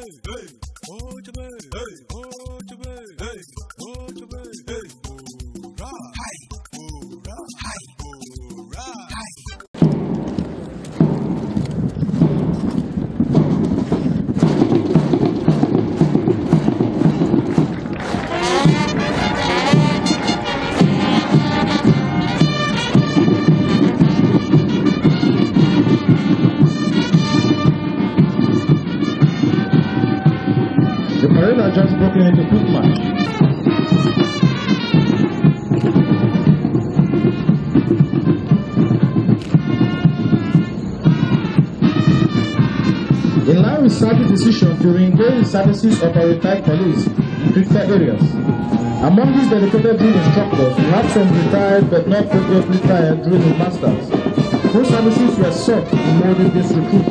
Hey, hey, hey, hey, hey, Hey, what you mean? Hey, what you mean? decision to reengage the services of our retired police in critical areas. Among these dedicated drill instructors, we have some retired but not previously retired drilling masters, whose services were sought in molding this recruit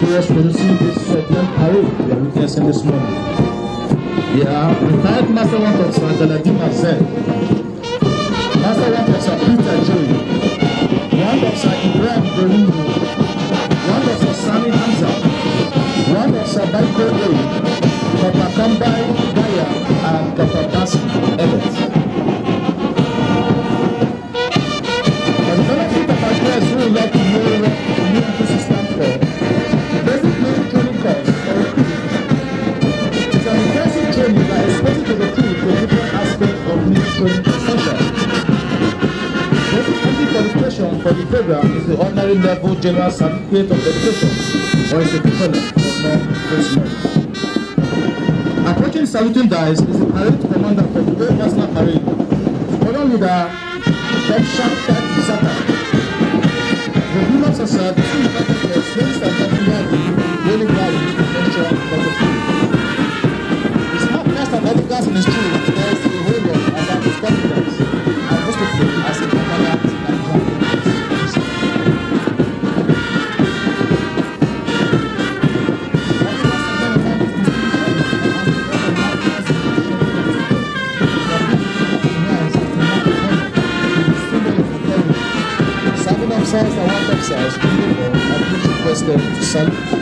towards producing this certain parade we are witnessing this morning. We are retired Master One Officer Galadima Zen, Master One Officer Peter Joey, One Officer Ibrahim Berlin, One Officer Sami Hamza, Okoye, Papa Kambai Gaya, and Papa Bass Evans. The benefit of address we would like to know what community to stand for. Basically, training course for recruits. It's an intensive training that is expected to recruit for different aspects of military social. Basic qualification for the program is the ordinary level general certificate of education, or is equivalent. prisoner. Approaching saluting dice is the parade commander for the Great National Parade, followed with a Pepshan Zata. The rulers are served to the and gentlemen really proud to venture for the food. The smartness and etiquette in the street is a hold about his confidence. Abdel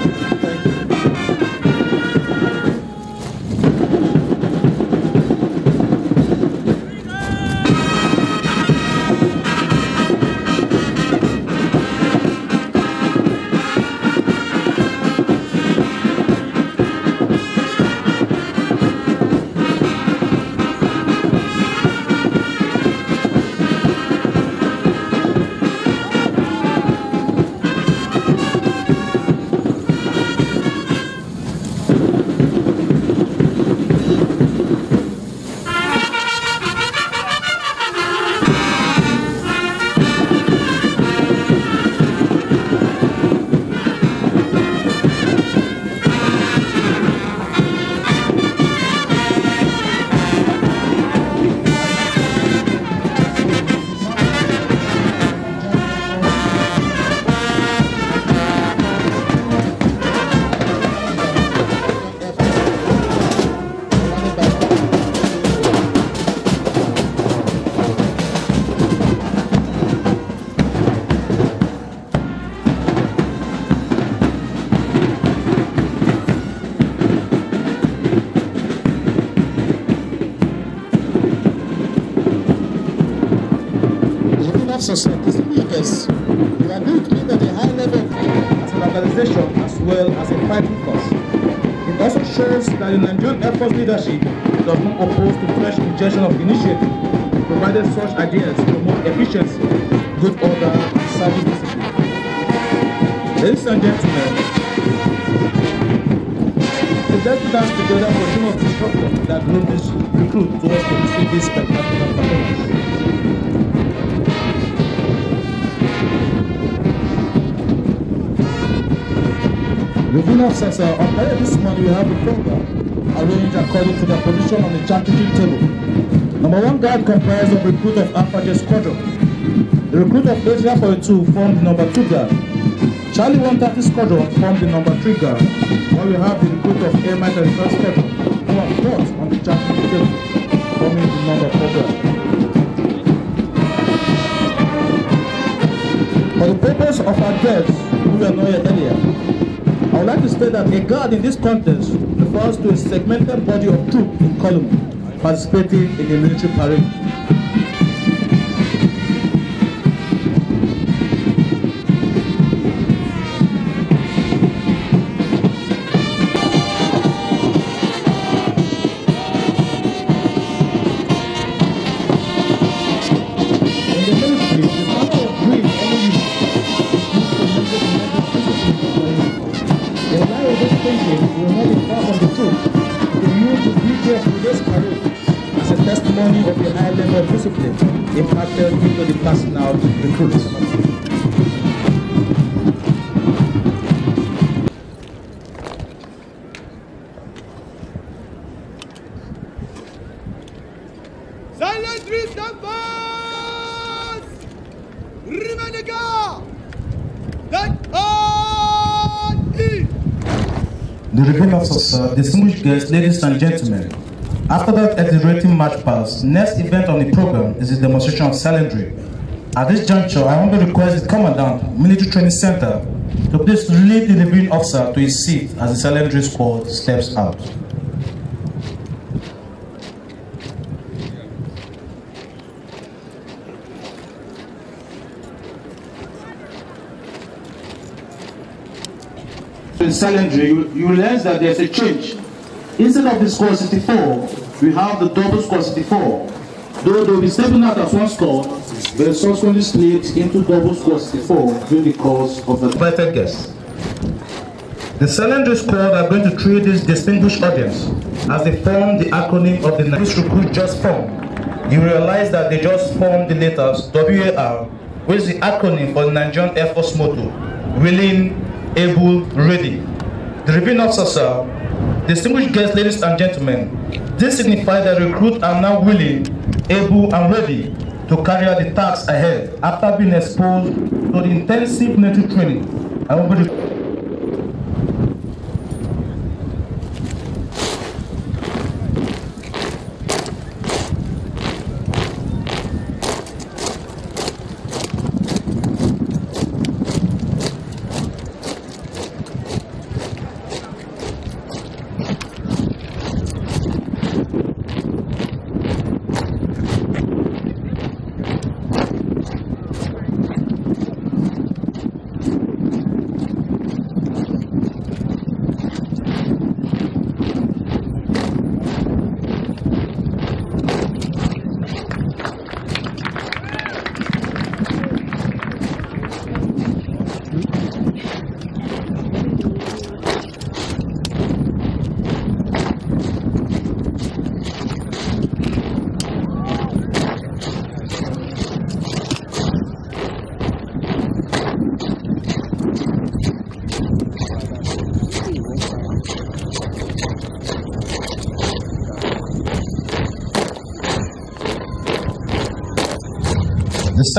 years, we are being trained at a high level as an organization as well as a fighting force. It also shows that the Nigerian Air Force leadership does not oppose to fresh injection of initiative, provided such ideas promote efficiency, good order, and service discipline. Ladies and gentlemen, so let's together for a team of instructors that will recruit towards producing this spectacular performance. The winner says, uh, on all this money, you have a program arranged according to their position on the championship table. Number one guard comprised of recruit of Apache Squadron. The recruit of Asia 42 formed the number two guard. Charlie 130 Squadron formed the number three guard. While we have the recruit of Air Mike 31 Squadron, who are fourth on the championship table, forming the number four guard. For the purpose of our guests, who were not here earlier, I would like to state that a guard in this context refers to a segmented body of troops in column participating in a military parade. of previous careers as a testimony of the high level of discipline imparted into the personnel recruits. Silent The recruiters of uh, distinguished ladies and gentlemen. After that exhilarating march pass, next event on the program is the demonstration of cylindry. At this juncture, I want to request the Commandant, Military Training Center, to please relieve the reviewing officer to his seat as the cylindry squad steps out. In cylindry, you, you realize that there's a change Instead of the score 64, we have the double score 64. Though they will be stepping out as one score, they subsequently split into double score 64 during the course of the perfect guess. The secondary squad are going to treat this distinguished audience as they form the acronym of the Nice Recruit just formed. You realize that they just formed the letters WAR, which is the acronym for the Nigerian Air Force motto, willing, able, ready. The ribbon officer. Distinguished guests, ladies and gentlemen, this signifies that recruits are now willing, able, and ready to carry out the tasks ahead after being exposed to the intensive military training.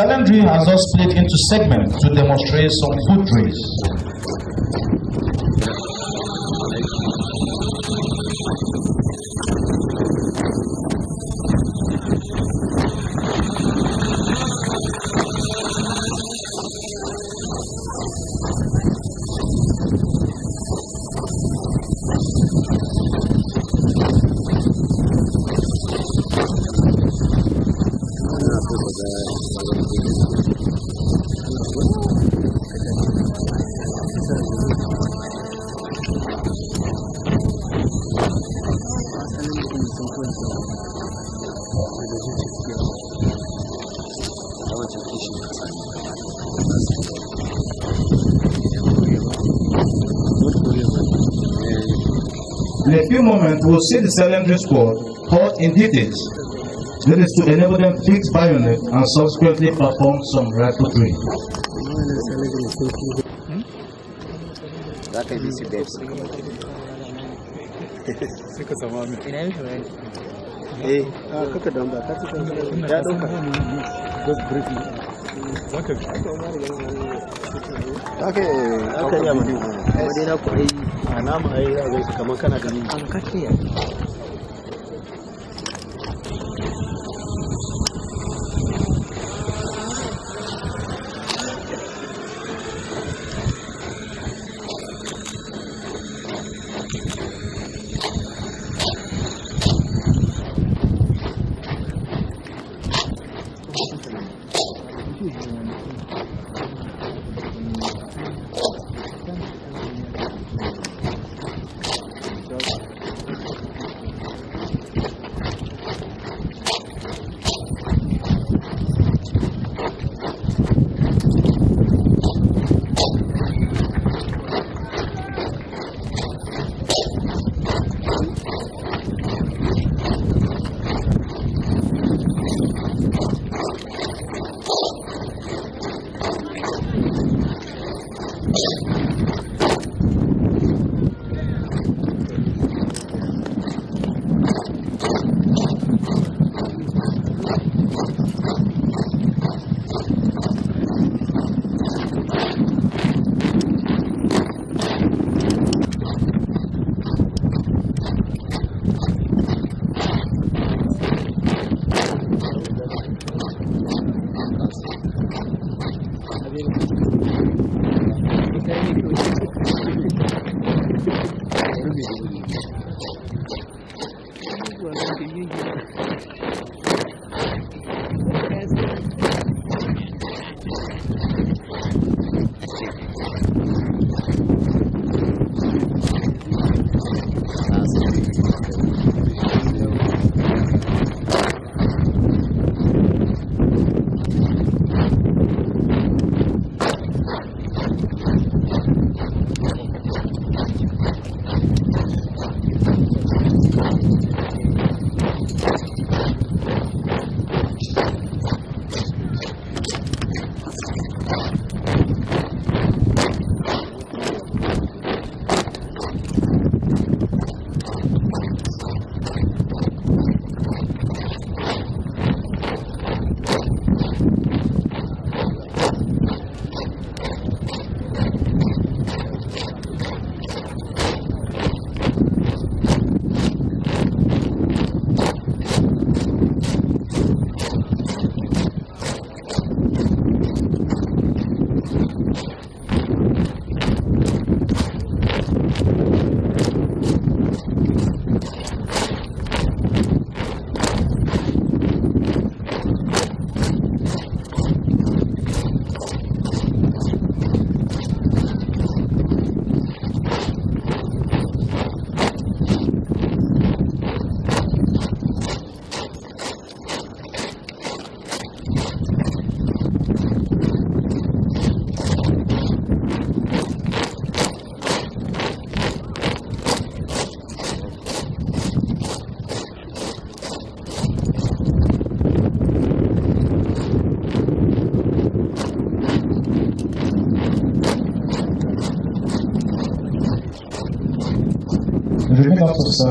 Cylindry has also split into segments to demonstrate some foot rays. few moments, we'll see the secondary squad caught in details. That is to enable them to fix bayonet and subsequently perform some rifle Zaka Okay, su babes Okay, ka Okay, amin Okay. a nama a yi kamar kana ganin an kashe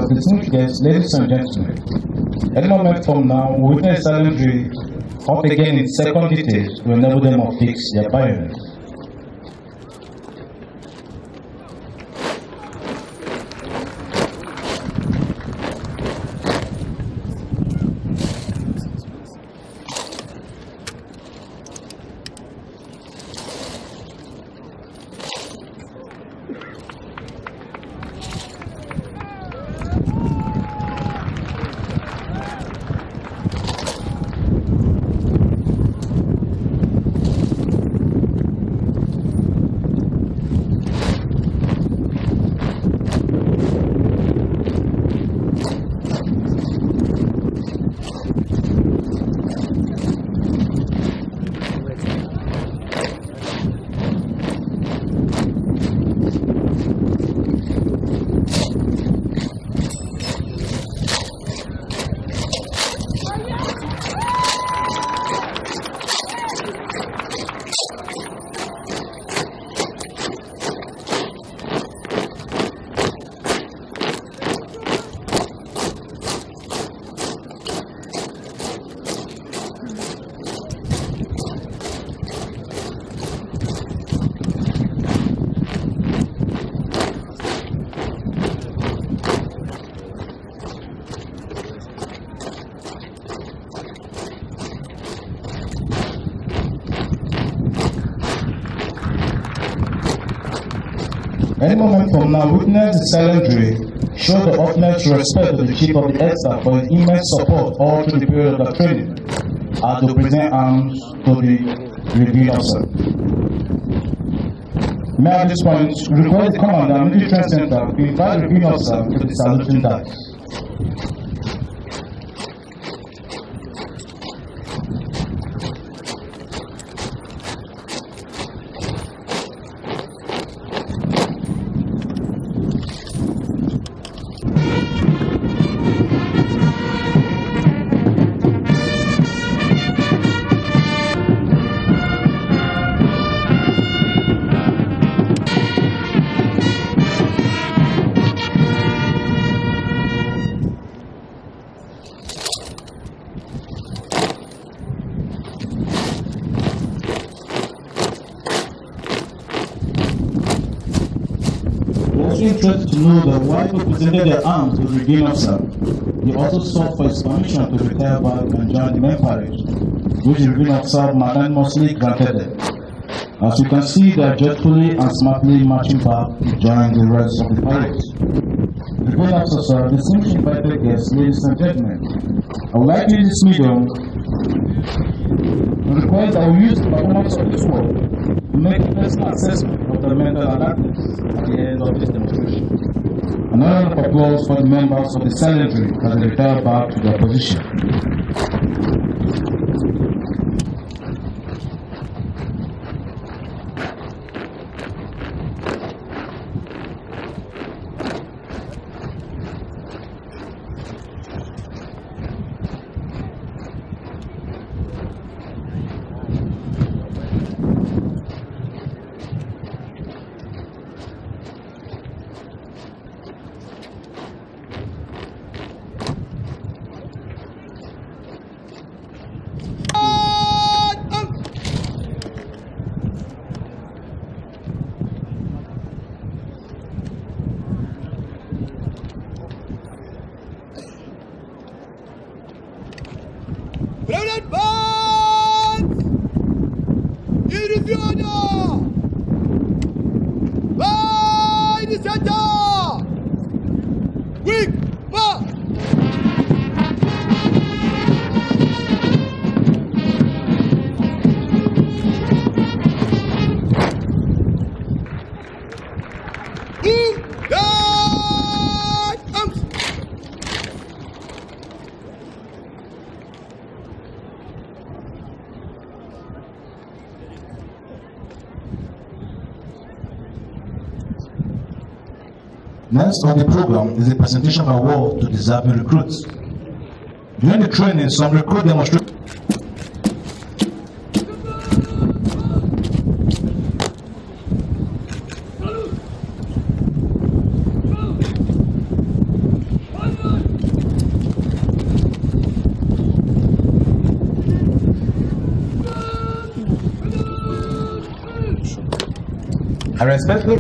distinct guests, ladies and gentlemen. Any moment from now, we witness a silent up again in second details to enable them to fix their pioneers. any moment from now, witness the silent drill, show the utmost respect to the chief of the EXA for his immense support all through the period of the training, and to present arms to the review officer. May I this point request the commander, military center, to invite the review officer to the saluting dance. know that while he presented their arms to the gain of self, he also sought for his permission to retire back and join the men parade, which the gain of self magnanimously granted them. As you can see, they are joyfully and smartly marching back to join the rest of the parade. The great successor, distinguished invited guests, ladies and gentlemen, I would like to use this medium to request our use the performance of this work to make a personal assessment of alertness at the end of this demonstration. applause for the members of the Senate as they return back to their position. Lord. first of the program is a presentation of award to deserving recruits. During the training, some recruit demonstrate I respectfully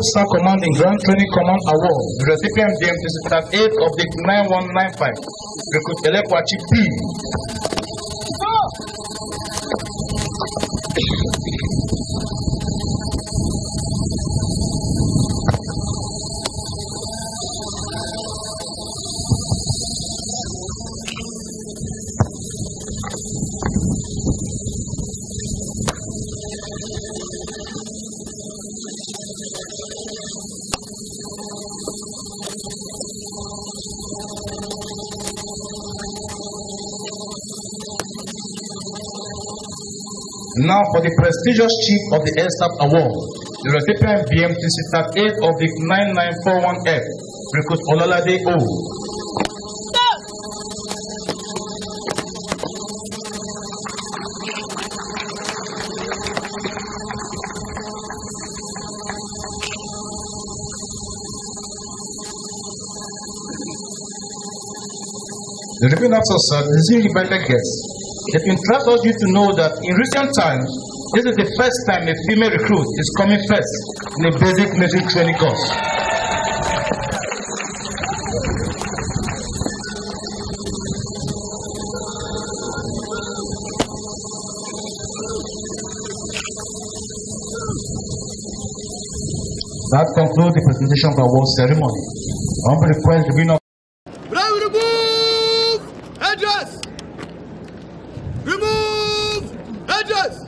Command Commanding Ground Training Command Award, the recipient DMTC Part 8 of the 9195, Recruit Elekwa Chief Now, for the prestigious chief of the ESAP Award, the recipient BMT BMTC eight of the 9941F, Rikut Olalade O. The European officer said, this is invited guest. It interests you to know that in recent times, this is the first time a female recruit is coming first in a basic military training course. That concludes the presentation of the award ceremony. On request the winner Remove hedges!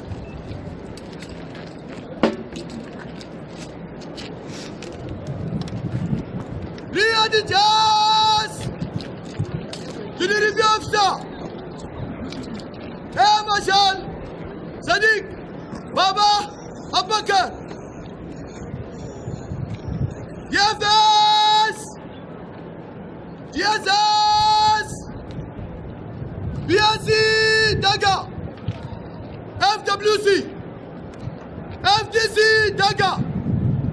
Readacağız! Gideriz yoksa! Ey Maşal! Sadık! Baba! Abbakar! Yefes! Yefes! Yefes! Daga, FWC, FDC Daga,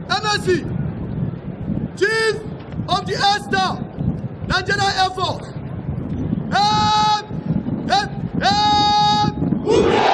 MSC, Chief of the Air Staff, Nigerian Air Force. F,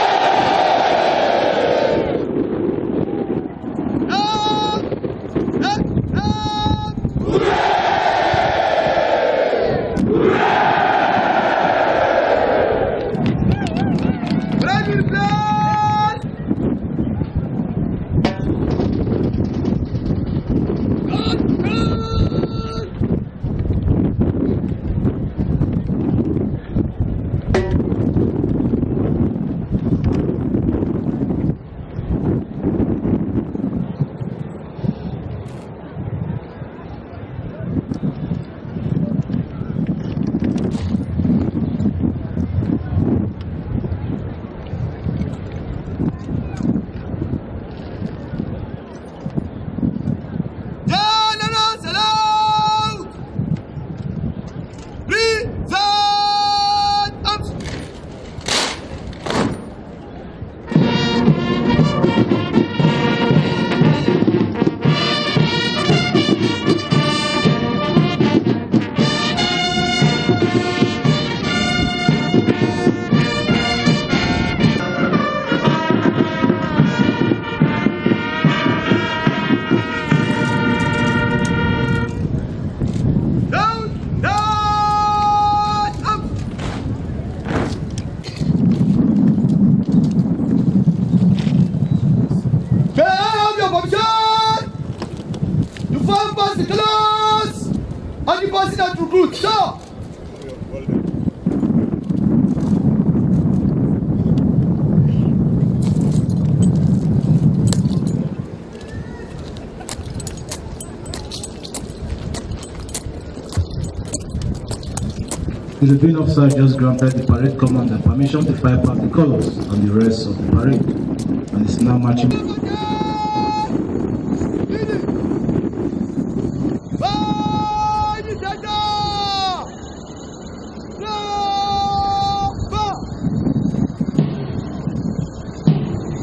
Philippine officer just granted the parade commander permission to fly past the colors and the rest of the parade and is now marching.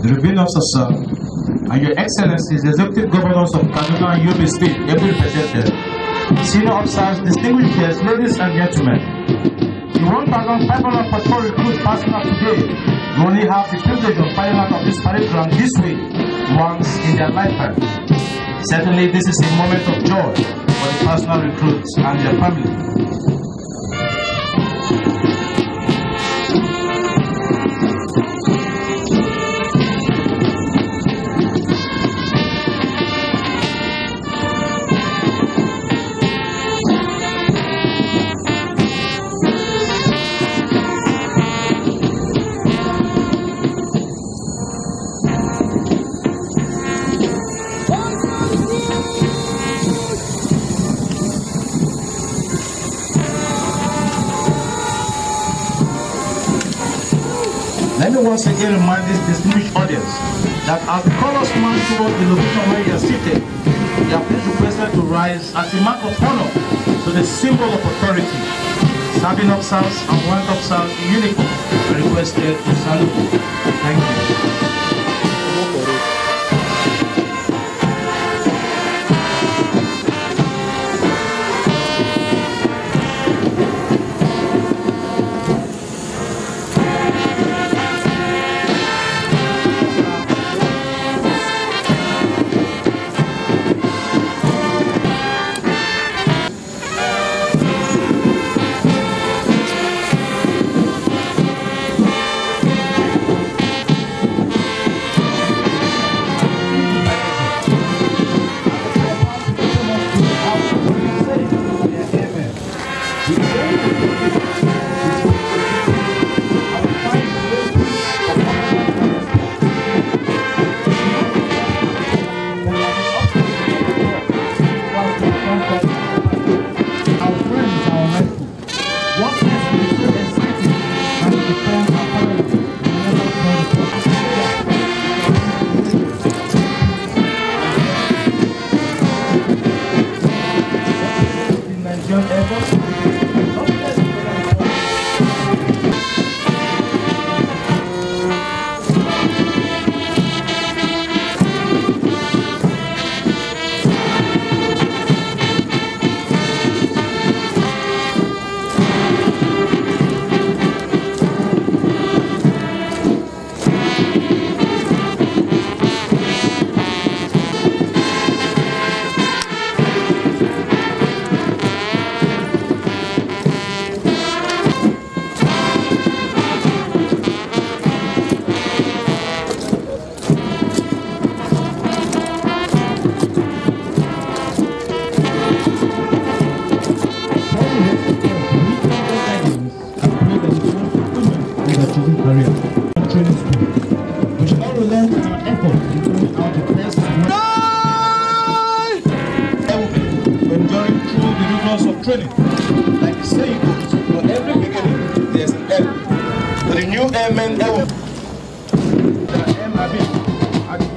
The Rebellion Officer and Your Excellencies, Executive Governors of Kaduna and Yobe State, ably presented, Senior Officers, Distinguished Guests, Ladies and Gentlemen, of patrol recruits passing up today. We only have the privilege of finding out of this parade ground this way once in their lifetime. Certainly, this is a moment of joy for the personal recruits and their family. again remind this distinguished audience that as the colors march towards the location where you are seated, you are please requested to rise as a mark of honor to the symbol of authority. Serving officers and warrant officers in uniform are requested to salute. Thank you.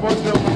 Pode ser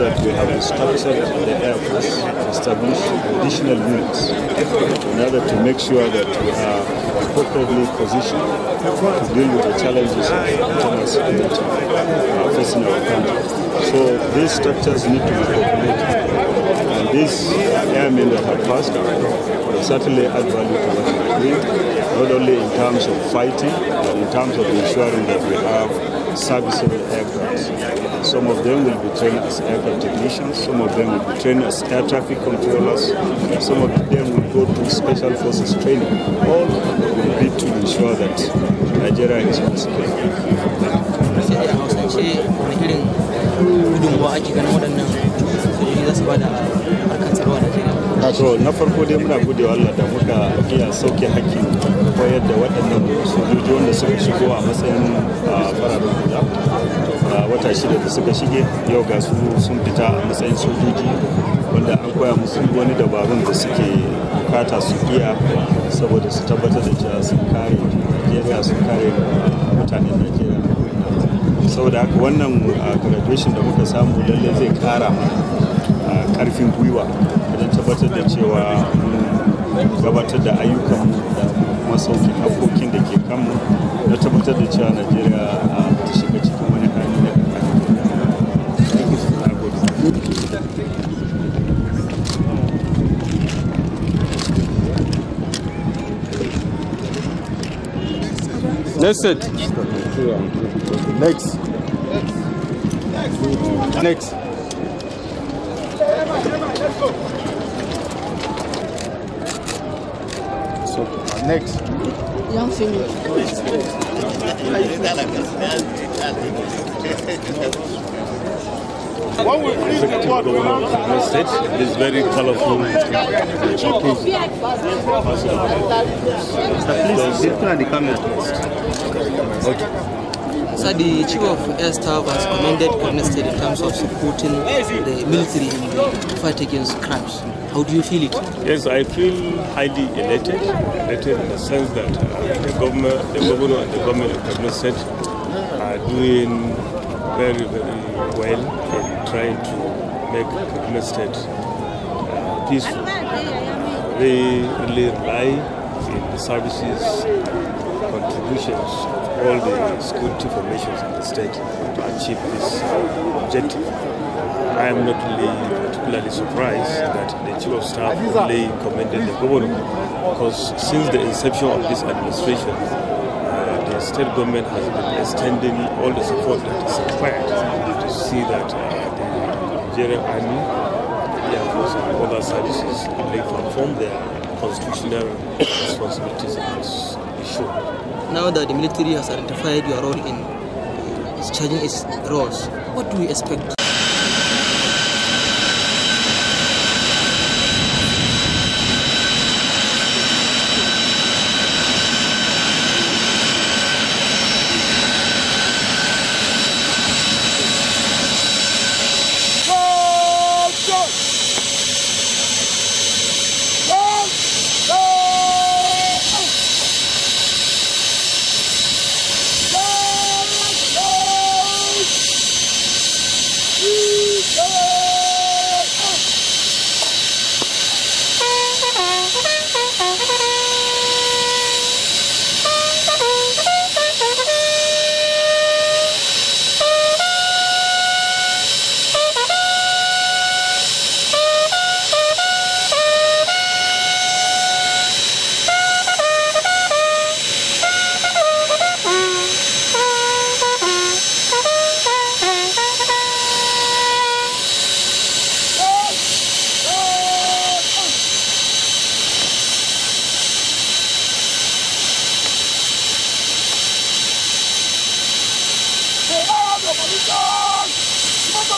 ensure that we have structured the Air Force, establish additional units in order to make sure that we are appropriately positioned to deal with the challenges of internal security uh, facing our country. So these structures need to be populated and these airmen that have passed will certainly add value to what we are doing, not only in terms of fighting, but in terms of ensuring that we have serviceable aircraft Some of them will be trained as aircraft technicians, some of them will be trained as air traffic controllers, some of them will go to special forces training. All will be to ensure that Nigeria is on secure. to na farko dai muna gode wa Allah da muka iya sauke hakkin koyar da waɗannan sojoji wanda suka shigo a matsayin ah, fararen guda a wata shida da suka shige yau ga su sun fita a matsayin sojoji wanda an koya musu wani dabarun da suke bukata su iya saboda su tabbatar da cewa sun kare najeriya sun kare mutanen najeriya saboda haka wannan graduation da muka samu lalle zai kara mana karfin gwiwa wajen tabbatar da cewa mun gabatar da ayyukanmu da kuma sauƙin hakokin da ke kanmu na tabbatar da cewa najeriya ta shiga cikin That's it. Next. Next. Next. Young finish. The It's a typical estate. It is the camera. Okay. So the chief of air staff has commended Amnesty in terms of supporting the military in the fight against crimes. How do you feel it? Yes, I feel highly elated, elated in the sense that uh, the government, the governor and the government of Kebbi State are doing very, very well trying to make Kaduna State uh, peaceful. They really rely in the services, contributions of all the security formations in the state to achieve this objective. I am not really particularly surprised that the Chief of Staff really commended the government because since the inception of this administration, uh, the state government has been extending all the support that is required to see that uh, Nigerian Army, Air Force, and other services, they perform their constitutional responsibilities as they should. Now that the military has identified your role in discharging uh, its roles, what do you expect?